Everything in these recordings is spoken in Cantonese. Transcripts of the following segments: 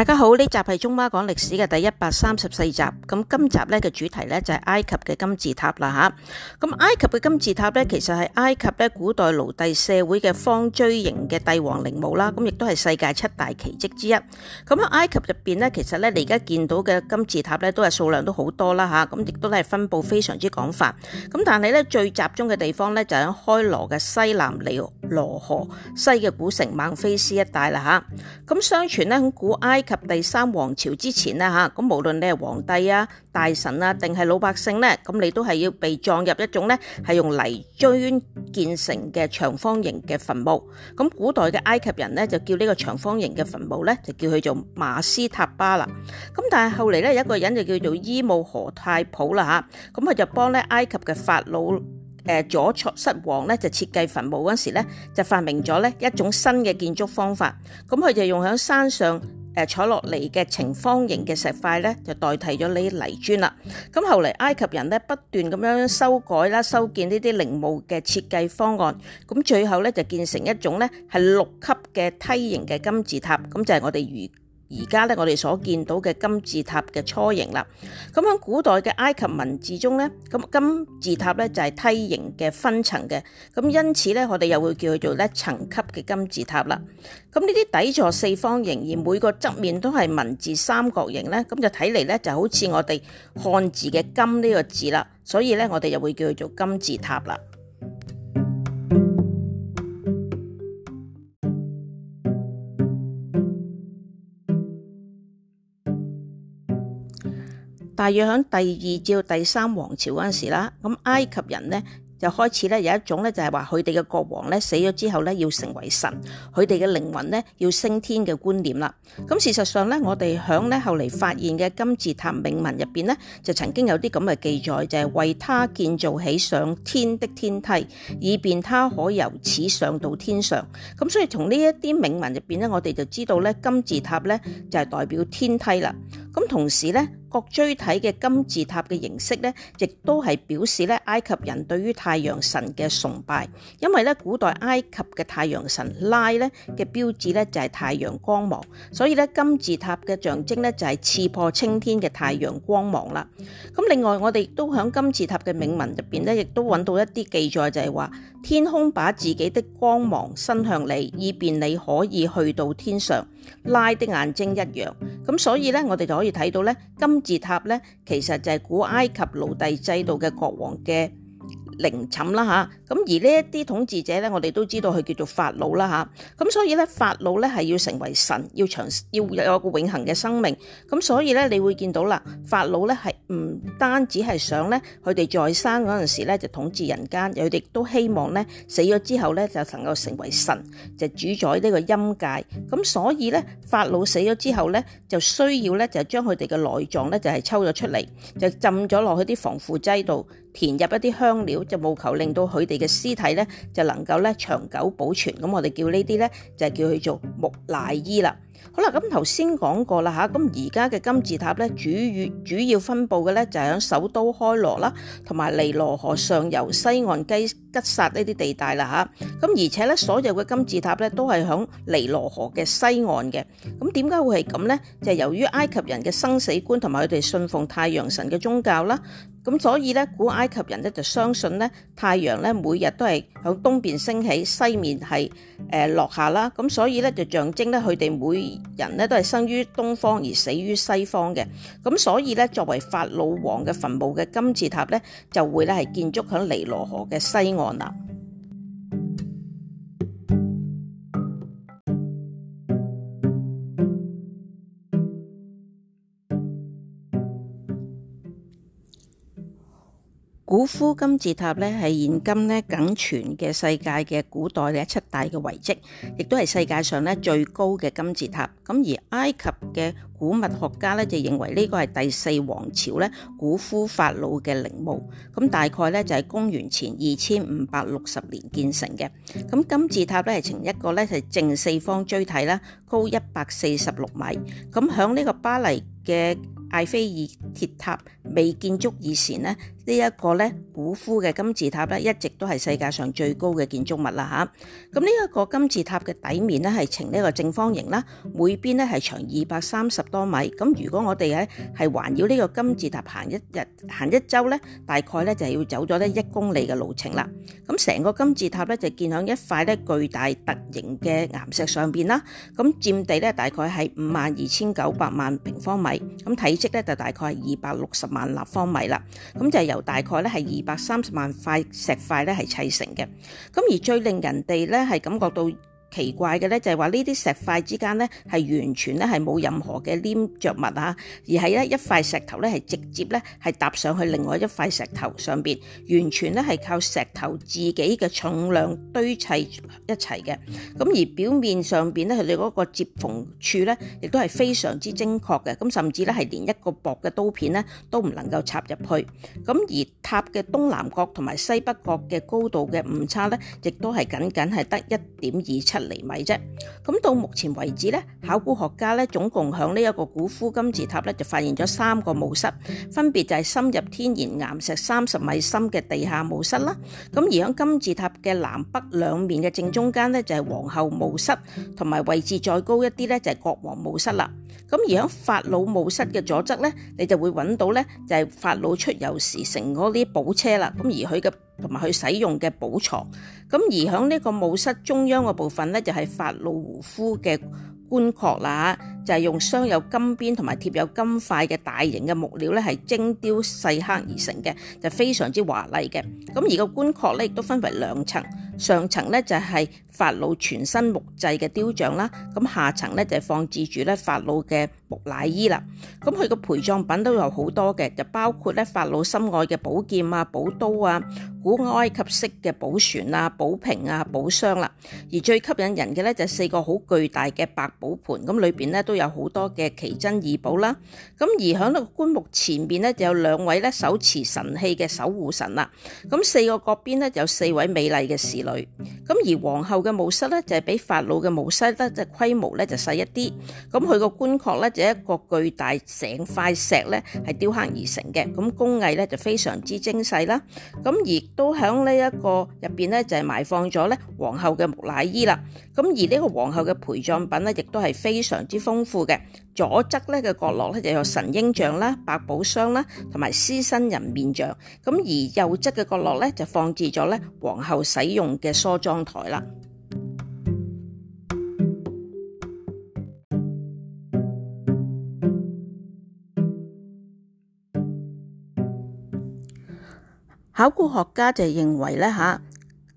大家好，呢集係中馬講歷史嘅第一百三十四集，咁今集呢嘅主題呢，就係埃及嘅金字塔啦吓。咁埃及嘅金字塔呢，其實係埃及咧古代奴隸社會嘅方錐形嘅帝王陵墓啦，咁亦都係世界七大奇蹟之一。咁喺埃及入邊呢，其實咧你而家見到嘅金字塔呢，都係數量都好多啦吓，咁亦都係分佈非常之廣泛。咁但係呢，最集中嘅地方呢，就喺開羅嘅西南尼羅河西嘅古城孟菲斯一帶啦吓。咁相傳呢，喺古埃及及第三王朝之前咧吓，咁無論你係皇帝啊、大臣啊，定係老百姓咧，咁你都係要被葬入一種咧係用泥磚建成嘅長方形嘅墳墓。咁古代嘅埃及人咧就叫呢個長方形嘅墳墓咧就叫佢做馬斯塔巴啦。咁但係後嚟咧有一個人就叫做伊姆荷太普啦吓，咁佢就幫咧埃及嘅法老誒、呃、左塞王咧就設計墳墓嗰陣時咧就發明咗咧一種新嘅建築方法。咁佢就用響山上。誒，坐落嚟嘅呈方形嘅石塊咧，就代替咗呢啲泥磚啦。咁後嚟埃及人咧，不斷咁樣修改啦，修建呢啲陵墓嘅設計方案。咁最後咧就建成一種咧係六級嘅梯形嘅金字塔。咁就係、是、我哋如。而家咧，我哋所見到嘅金字塔嘅雛形啦。咁喺古代嘅埃及文字中咧，咁金字塔咧就係梯形嘅分層嘅。咁因此咧，我哋又會叫佢做咧層級嘅金字塔啦。咁呢啲底座四方形，而每個側面都係文字三角形咧，咁就睇嚟咧就好似我哋漢字嘅金呢個字啦。所以咧，我哋又會叫佢做金字塔啦。大約喺第二至第三王朝嗰陣時啦，咁埃及人咧就開始咧有一種咧就係話佢哋嘅國王咧死咗之後咧要成為神，佢哋嘅靈魂咧要升天嘅觀念啦。咁事實上咧，我哋響咧後嚟發現嘅金字塔銘文入邊咧，就曾經有啲咁嘅記載，就係、是、為他建造起上天的天梯，以便他可由此上到天上。咁所以從呢一啲銘文入邊咧，我哋就知道咧金字塔咧就係代表天梯啦。咁同時咧。各角錐體嘅金字塔嘅形式咧，亦都係表示咧埃及人對於太陽神嘅崇拜，因為咧古代埃及嘅太陽神拉咧嘅標誌咧就係太陽光芒，所以咧金字塔嘅象徵咧就係刺破青天嘅太陽光芒啦。咁另外我哋亦都喺金字塔嘅銘文入面咧，亦都揾到一啲記載、就是，就係話天空把自己的光芒伸向你，以便你可以去到天上。拉的眼睛一樣，咁所以咧我哋就可以睇到咧金。金字塔咧，其實就係古埃及奴隸制度嘅國王嘅。陵寢啦嚇，咁而呢一啲統治者咧，我哋都知道佢叫做法老啦嚇，咁所以咧，法老咧係要成為神，要長要有一個永恆嘅生命，咁所以咧，你會見到啦，法老咧係唔單止係想咧，佢哋在生嗰陣時咧就統治人間，佢哋都希望咧死咗之後咧就能夠成為神，就主宰呢個陰界，咁所以咧，法老死咗之後咧就需要咧就將佢哋嘅內臟咧就係抽咗出嚟，就浸咗落去啲防腐劑度。填入一啲香料，就務求令到佢哋嘅屍體呢，就能夠呢長久保存。咁我哋叫呢啲呢，就叫佢做木乃伊啦。好啦，咁頭先講過啦吓，咁而家嘅金字塔咧，主要主要分布嘅咧就係響首都開羅啦，同埋尼羅河上游西岸雞吉薩呢啲地帶啦吓。咁而且咧，所有嘅金字塔咧都係響尼羅河嘅西岸嘅。咁點解會係咁咧？就係由於埃及人嘅生死觀同埋佢哋信奉太陽神嘅宗教啦。咁所以咧，古埃及人咧就相信咧太陽咧每日都係響東邊升起，西面係誒落下啦。咁所以咧就象徵咧佢哋每人咧都係生於東方而死於西方嘅，咁所以咧，作為法老王嘅墳墓嘅金字塔咧，就會咧係建築喺尼羅河嘅西岸啦。古夫金字塔係現今咧僅存嘅世界嘅古代嘅七大嘅遺迹，亦都係世界上最高嘅金字塔。而埃及嘅古物學家咧就認為呢個係第四王朝古夫法老嘅陵墓。咁大概咧就係公元前二千五百六十年建成嘅。咁金字塔咧係呈一個咧係正四方錐體啦，高一百四十六米。咁響呢個巴黎嘅埃菲爾鐵塔未建築以前咧呢一個咧古夫嘅金字塔咧一直都係世界上最高嘅建築物啦嚇。咁呢一個金字塔嘅底面咧係呈呢個正方形啦，每邊咧係長二百三十多米。咁如果我哋咧係環繞呢個金字塔行一日，行一周咧，大概咧就要走咗呢一公里嘅路程啦。咁成個金字塔咧就建響一塊咧巨大特型嘅岩石上邊啦。咁佔地咧大概係五萬二千九百萬平方米，咁體積咧就大概係二百六十萬立方米啦。咁就係。由大概咧係二百三十萬塊石塊咧係砌成嘅，咁而最令人哋咧係感覺到。奇怪嘅咧，就係話呢啲石塊之間咧，係完全咧係冇任何嘅黏着物啊，而係咧一塊石頭咧係直接咧係搭上去另外一塊石頭上邊，完全咧係靠石頭自己嘅重量堆砌一齊嘅。咁而表面上邊咧佢哋個接縫處咧，亦都係非常之精確嘅。咁甚至咧係連一個薄嘅刀片咧都唔能夠插入去。咁而塔嘅東南角同埋西北角嘅高度嘅誤差咧，亦都係僅僅係得一點二七厘米啫，咁到目前為止咧，考古學家咧總共響呢一個古夫金字塔咧就發現咗三個墓室，分別就係深入天然岩石三十米深嘅地下墓室啦。咁而喺金字塔嘅南北兩面嘅正中間咧就係皇后墓室，同埋位置再高一啲咧就係國王墓室啦。咁而喺法老墓室嘅左側咧，你就會揾到咧就係法老出遊時乘嗰啲寶車啦。咁而佢嘅同埋佢使用嘅寶床，咁而喺呢個墓室中央嘅部分。咧就係法老胡夫嘅棺殼啦就係、是、用鑲有金邊同埋貼有金塊嘅大型嘅木料咧，係精雕細刻而成嘅，就是、非常之華麗嘅。咁而個棺殼咧亦都分為兩層，上層咧就係、是。法老全身木製嘅雕像啦，咁下層咧就放置住咧法老嘅木乃伊啦。咁佢個陪葬品都有好多嘅，就包括咧法老心愛嘅寶劍啊、寶刀啊、古埃及式嘅寶船啊、寶瓶啊、寶箱啦。而最吸引人嘅咧就係四個好巨大嘅百寶盤，咁裏邊咧都有好多嘅奇珍異寶啦。咁而響度棺木前面咧就有兩位咧手持神器嘅守護神啦。咁四個角邊咧有四位美麗嘅侍女。咁而皇后嘅。墓室咧就係比法老嘅墓室咧，即係規模咧就細一啲。咁佢個棺槨咧就一個巨大整塊石咧係雕刻而成嘅。咁工藝咧就非常之精細啦。咁亦都喺呢一個入邊咧就係埋放咗咧皇后嘅木乃伊啦。咁而呢個皇后嘅陪葬品咧亦都係非常之豐富嘅。左側咧嘅角落咧就有神鷹像啦、百寶箱啦，同埋獅身人面像。咁而右側嘅角落咧就放置咗咧皇后使用嘅梳妝台啦。考古學家就認為咧吓。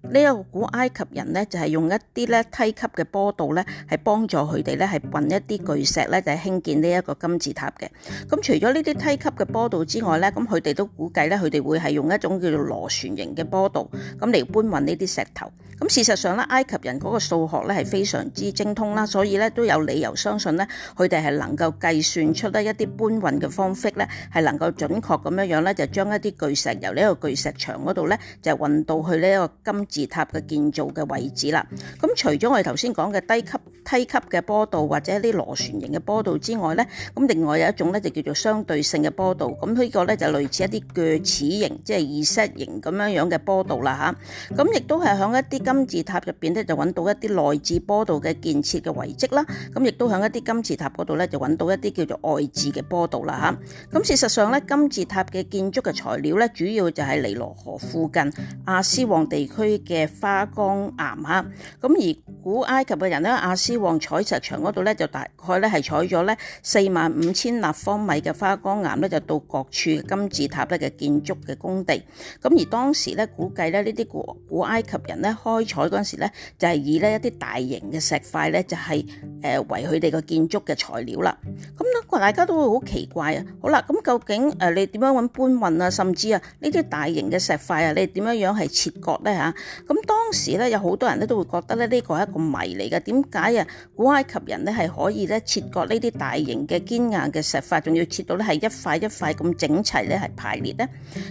呢一個古埃及人咧，就係用一啲咧梯級嘅坡道咧，係幫助佢哋咧係運一啲巨石咧，就係興建呢一個金字塔嘅。咁除咗呢啲梯級嘅坡道之外咧，咁佢哋都估計咧，佢哋會係用一種叫做螺旋形嘅坡道咁嚟搬運呢啲石頭。咁事實上咧，埃及人嗰個數學咧係非常之精通啦，所以咧都有理由相信咧，佢哋係能夠計算出呢一啲搬運嘅方式咧，係能夠準確咁樣樣咧，就將一啲巨石由呢個巨石牆嗰度咧，就運到去呢個金字塔。字塔嘅建造嘅位置啦，咁除咗我哋頭先講嘅低級梯級嘅波道或者一啲螺旋形嘅波道之外咧，咁另外有一種咧就叫做相對性嘅波道，咁呢個咧就類似一啲鋸齒形，即係耳塞形咁樣樣嘅波道啦吓，咁亦都係響一啲金字塔入邊咧就揾到一啲內置波道嘅建設嘅遺跡啦，咁亦都響一啲金字塔嗰度咧就揾到一啲叫做外置嘅波道啦吓，咁事實上咧金字塔嘅建築嘅材料咧主要就係尼羅河附近阿斯旺地區嘅花崗岩，吓，咁而古埃及嘅人咧，阿斯旺採石場嗰度咧就大概咧係採咗咧四萬五千立方米嘅花崗岩咧，就到各處金字塔咧嘅建築嘅工地。咁而當時咧估計咧呢啲古埃及人咧開採嗰陣時咧就係以呢一啲大型嘅石塊咧就係誒為佢哋嘅建築嘅材料啦。咁咧大家都會好奇怪啊！好啦，咁究竟誒你點樣搵搬運啊？甚至啊呢啲大型嘅石塊啊，你點樣樣係切割咧嚇？咁當時咧，有好多人咧都會覺得咧，呢個係一個謎嚟嘅。點解啊？古埃及人咧係可以咧切割呢啲大型嘅堅硬嘅石塊，仲要切到咧係一塊一塊咁整齊咧係排列咧？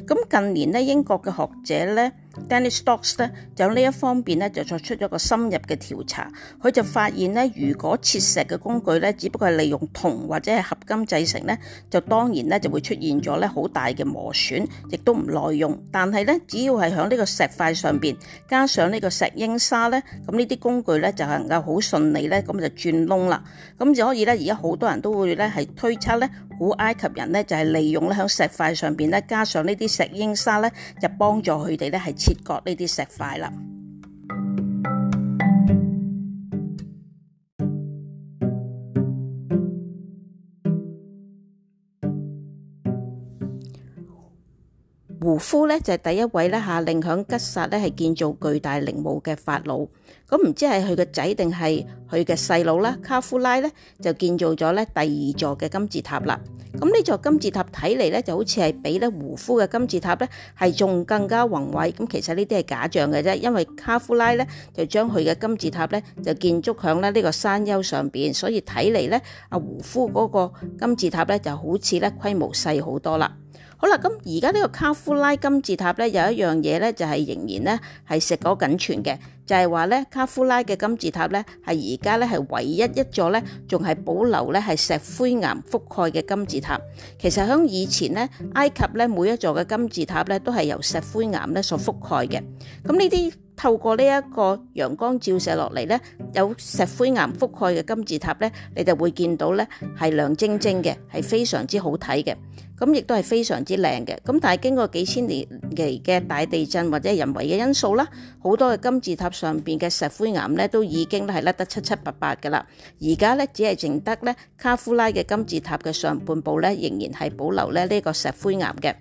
咁近年咧，英國嘅學者咧。Danny Stokes 咧就呢一方面咧就作出咗個深入嘅調查，佢就發現咧，如果切石嘅工具咧，只不過係利用銅或者係合金製成咧，就當然咧就會出現咗咧好大嘅磨損，亦都唔耐用。但係咧，只要係響呢個石塊上邊加上呢個石英砂咧，咁呢啲工具咧就能夠好順利咧咁就轉窿啦，咁就可以咧。而家好多人都會咧係推測咧。古埃及人呢，就係利用咧喺石塊上邊咧加上呢啲石英砂咧，就幫助佢哋咧係切割呢啲石塊啦。胡夫咧就係第一位咧下令響吉薩咧係建造巨大陵墓嘅法老。咁唔知係佢個仔定係佢嘅細佬咧？卡夫拉咧就建造咗咧第二座嘅金字塔啦。咁呢座金字塔睇嚟咧就好似係比咧胡夫嘅金字塔咧係仲更加宏偉。咁其實呢啲係假象嘅啫，因為卡夫拉咧就將佢嘅金字塔咧就建築喺咧呢個山丘上邊。所以睇嚟咧阿胡夫嗰個金字塔咧就好似咧規模細好多啦。好啦，咁而家呢個卡夫拉金字塔咧，有一樣嘢咧，就係仍然咧係碩果僅存嘅，就係話咧卡夫拉嘅金字塔咧，係而家咧係唯一一座咧仲係保留咧係石灰岩覆蓋嘅金字塔。其實喺以前咧，埃及咧每一座嘅金字塔咧都係由石灰岩咧所覆蓋嘅。咁呢啲透過呢一個陽光照射落嚟咧，有石灰岩覆蓋嘅金字塔咧，你就會見到咧係亮晶晶嘅，係非常之好睇嘅。咁亦都係非常之靚嘅，咁但係經過幾千年嚟嘅大地震或者人為嘅因素啦，好多嘅金字塔上邊嘅石灰岩咧都已經咧係甩得七七八八噶啦，而家咧只係剩得咧卡夫拉嘅金字塔嘅上半部咧仍然係保留咧呢個石灰岩嘅。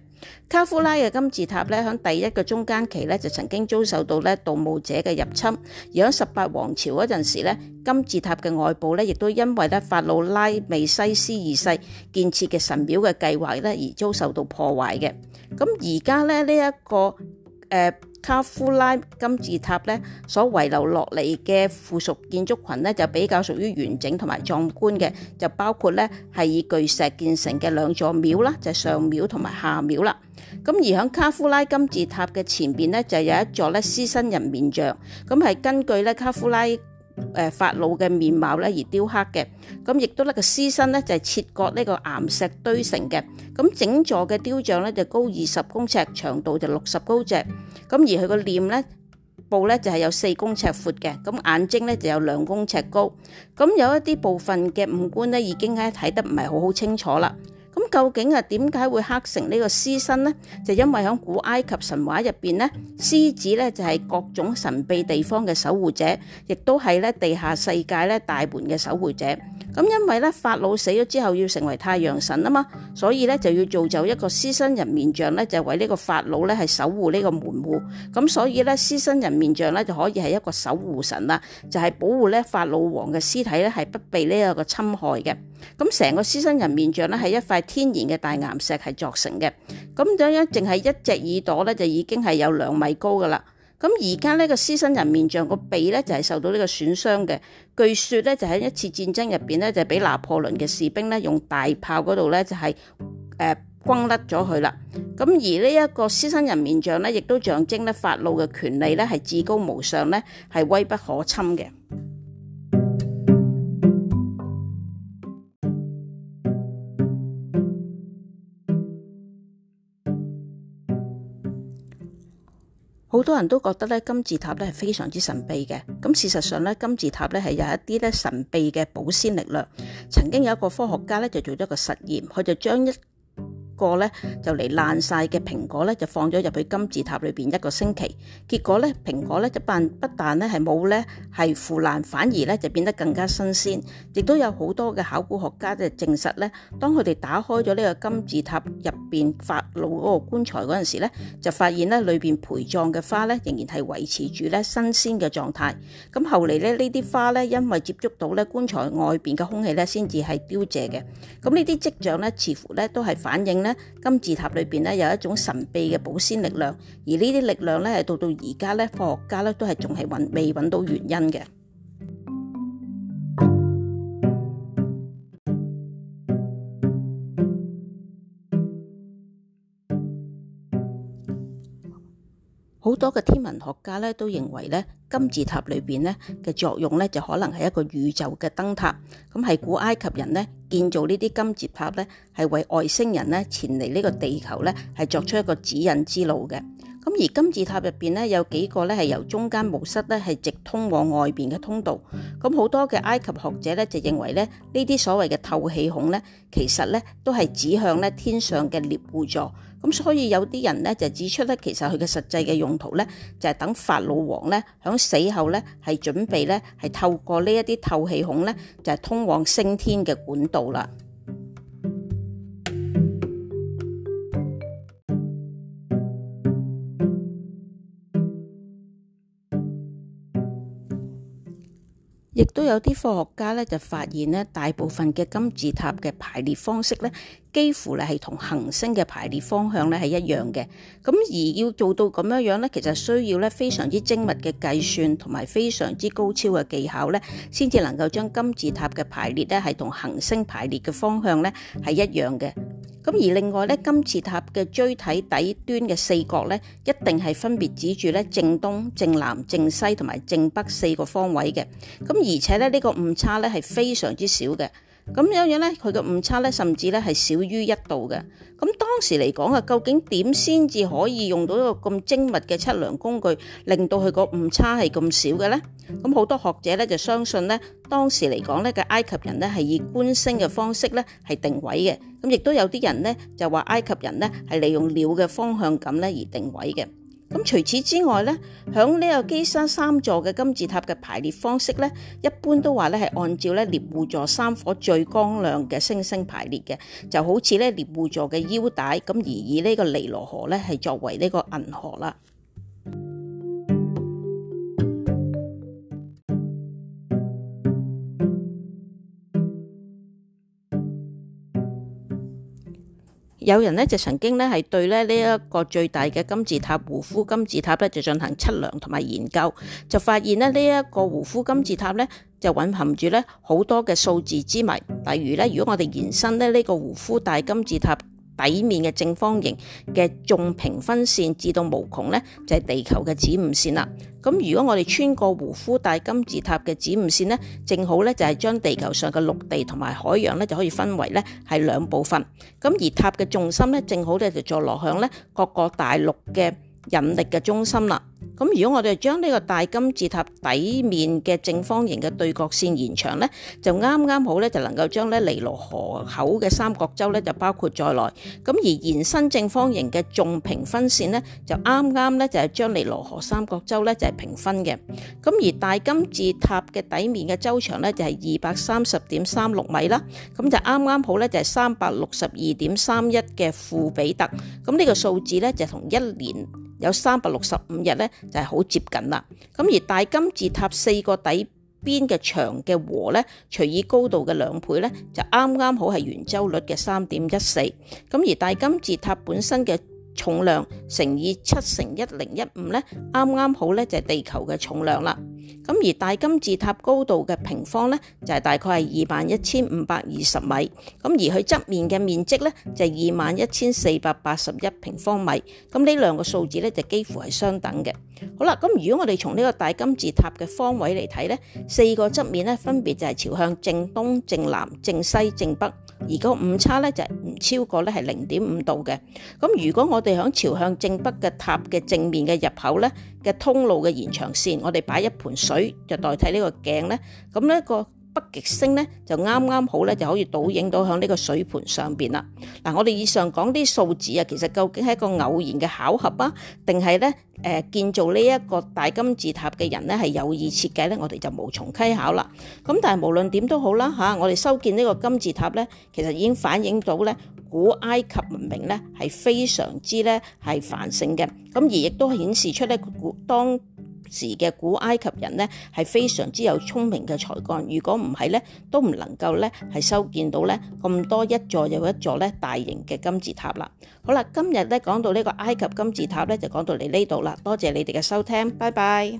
卡夫拉嘅金字塔咧，喺第一個中間期咧就曾經遭受到咧盜墓者嘅入侵。而喺十八王朝嗰陣時咧，金字塔嘅外部咧亦都因為咧法老拉美西斯二世建設嘅神廟嘅計劃咧而遭受到破壞嘅。咁而家咧呢一、這個誒。呃卡夫拉金字塔咧，所遺留落嚟嘅附屬建築群咧，就比較屬於完整同埋壯觀嘅，就包括咧係以巨石建成嘅兩座廟啦，就係、是、上廟同埋下廟啦。咁而喺卡夫拉金字塔嘅前邊咧，就有一座咧獅身人面像，咁係根據咧卡夫拉。誒，法老嘅面貌咧而雕刻嘅，咁亦都呢個獅身咧就係切割呢個岩石堆成嘅，咁整座嘅雕像咧就高二十公尺，長度就六十高尺，咁而佢個臉咧部咧就係有四公尺闊嘅，咁眼睛咧就有兩公尺高，咁有一啲部分嘅五官咧已經咧睇得唔係好好清楚啦。究竟啊，點解會刻成呢個獅身呢？就因為喺古埃及神話入邊咧，獅子咧就係各種神秘地方嘅守護者，亦都係咧地下世界咧大門嘅守護者。咁因為咧法老死咗之後要成為太陽神啊嘛，所以咧就要造就一個獅身人面像咧，就為呢個法老咧係守護呢個門戶。咁所以咧獅身人面像咧就可以係一個守護神啦，就係、是、保護咧法老王嘅屍體咧係不被呢個個侵害嘅。咁成個獅身人面像咧係一塊天然嘅大岩石係作成嘅，咁樣樣淨係一隻耳朵咧就已經係有兩米高噶啦。咁而家呢個獅身人面像個鼻咧就係受到呢個損傷嘅，據說咧就喺一次戰爭入邊咧就俾拿破崙嘅士兵咧用大炮嗰度咧就係誒轟甩咗佢啦。咁而呢一個獅身人面像咧亦都象徵咧法老嘅權利咧係至高無上咧係威不可侵嘅。好多人都覺得金字塔是係非常之神秘嘅，咁事實上金字塔是係有一啲神秘嘅保鮮力量。曾經有一個科學家就做咗個實驗，佢就將一個咧就嚟爛晒嘅蘋果咧，就放咗入去金字塔裏邊一個星期，結果咧蘋果咧就辦不但咧係冇咧係腐爛，反而咧就變得更加新鮮。亦都有好多嘅考古學家就證實咧，當佢哋打開咗呢個金字塔入邊法老嗰個棺材嗰陣時咧，就發現咧裏邊陪葬嘅花咧仍然係維持住咧新鮮嘅狀態。咁後嚟咧呢啲花咧因為接觸到咧棺材外邊嘅空氣咧，先至係凋謝嘅。咁呢啲跡象咧似乎咧都係反映咧。金字塔裏邊咧有一種神秘嘅保鮮力量，而呢啲力量咧，係到到而家咧，科學家咧都係仲係未揾到原因嘅。好多嘅天文學家咧都認為咧，金字塔裏邊咧嘅作用咧就可能係一個宇宙嘅燈塔。咁係古埃及人咧。建造呢啲金字塔咧，係為外星人咧前嚟呢個地球咧，係作出一個指引之路嘅。咁而金字塔入邊咧有幾個咧係由中間墓室咧係直通往外邊嘅通道，咁好多嘅埃及學者咧就認為咧呢啲所謂嘅透氣孔咧，其實咧都係指向咧天上嘅獵戶座，咁所以有啲人咧就指出咧其實佢嘅實際嘅用途咧就係等法老王咧喺死後咧係準備咧係透過呢一啲透氣孔咧就係通往升天嘅管道啦。都有啲科學家咧就發現咧，大部分嘅金字塔嘅排列方式咧，幾乎咧係同恆星嘅排列方向咧係一樣嘅。咁而要做到咁樣樣咧，其實需要咧非常之精密嘅計算同埋非常之高超嘅技巧咧，先至能夠將金字塔嘅排列咧係同恆星排列嘅方向咧係一樣嘅。咁而另外咧，金字塔嘅錐體底端嘅四角咧，一定係分別指住咧正東、正南、正西同埋正北四個方位嘅。咁而且咧，呢個誤差咧係非常之少嘅。咁樣樣咧，佢個誤差咧，甚至咧係少於一度嘅。咁當時嚟講啊，究竟點先至可以用到一個咁精密嘅測量工具，令到佢個誤差係咁少嘅咧？咁好多學者咧就相信咧，當時嚟講咧嘅埃及人咧係以觀星嘅方式咧係定位嘅。咁亦都有啲人咧就話埃及人咧係利用鳥嘅方向感咧而定位嘅。咁除此之外咧，響呢個基山三座嘅金字塔嘅排列方式咧，一般都話咧係按照咧獵戶座三顆最光亮嘅星星排列嘅，就好似咧獵戶座嘅腰帶咁，而以呢個尼羅河咧係作為呢個銀河啦。有人呢就曾經呢係對呢一個最大嘅金字塔，胡夫金字塔咧就進行測量同埋研究，就發現咧呢一個胡夫金字塔咧就蘊含住咧好多嘅數字之謎，例如咧如果我哋延伸咧呢個胡夫大金字塔。底面嘅正方形嘅縱平分線至到無窮咧，就係地球嘅子午線啦。咁如果我哋穿過胡夫大金字塔嘅子午線咧，正好咧就係將地球上嘅陸地同埋海洋咧就可以分為咧係兩部分。咁而塔嘅重心咧，正好咧就坐落向咧各個大陸嘅引力嘅中心啦。咁如果我哋將呢個大金字塔底面嘅正方形嘅對角線延長呢，就啱啱好呢，就能夠將呢尼羅河口嘅三角洲呢，就包括在內。咁而延伸正方形嘅重平分線呢，就啱啱呢，就係將尼羅河三角洲呢，就係平分嘅。咁而大金字塔嘅底面嘅周長呢，就係二百三十點三六米啦，咁就啱啱好呢，就係三百六十二點三一嘅庫比特。咁、這、呢個數字呢，就同一年有三百六十五日呢。就係好接近啦，咁而大金字塔四個底邊嘅長嘅和咧，除以高度嘅兩倍咧，就啱啱好係圓周率嘅三點一四，咁而大金字塔本身嘅重量乘以七乘一零一五咧，啱啱好咧就係地球嘅重量啦。咁而大金字塔高度嘅平方咧就係大概係二萬一千五百二十米，咁而佢側面嘅面積咧就係二萬一千四百八十一平方米。咁呢兩個數字咧就幾乎係相等嘅。好啦，咁如果我哋從呢個大金字塔嘅方位嚟睇咧，四個側面咧分別就係朝向正東、正南、正西、正北，而個誤差咧就係唔超過咧係零點五度嘅。咁如果我我哋喺朝向正北嘅塔嘅正面嘅入口呢嘅通路嘅延長線，我哋擺一盆水就代替呢個鏡呢。咁呢個北極星呢，就啱啱好呢，就可以倒影到響呢個水盤上邊啦。嗱，我哋以上講啲數字啊，其實究竟係一個偶然嘅巧合啊，定係呢？誒建造呢一個大金字塔嘅人呢，係有意設計呢？我哋就無從稽考啦。咁但係無論點都好啦吓，我哋修建呢個金字塔呢，其實已經反映到呢。古埃及文明咧，係非常之咧係繁盛嘅，咁而亦都顯示出咧古當時嘅古埃及人咧，係非常之有聰明嘅才幹。如果唔係咧，都唔能夠咧係修建到咧咁多一座又一座咧大型嘅金字塔啦。好啦，今日咧講到呢個埃及金字塔咧就講到你呢度啦。多謝你哋嘅收聽，拜拜。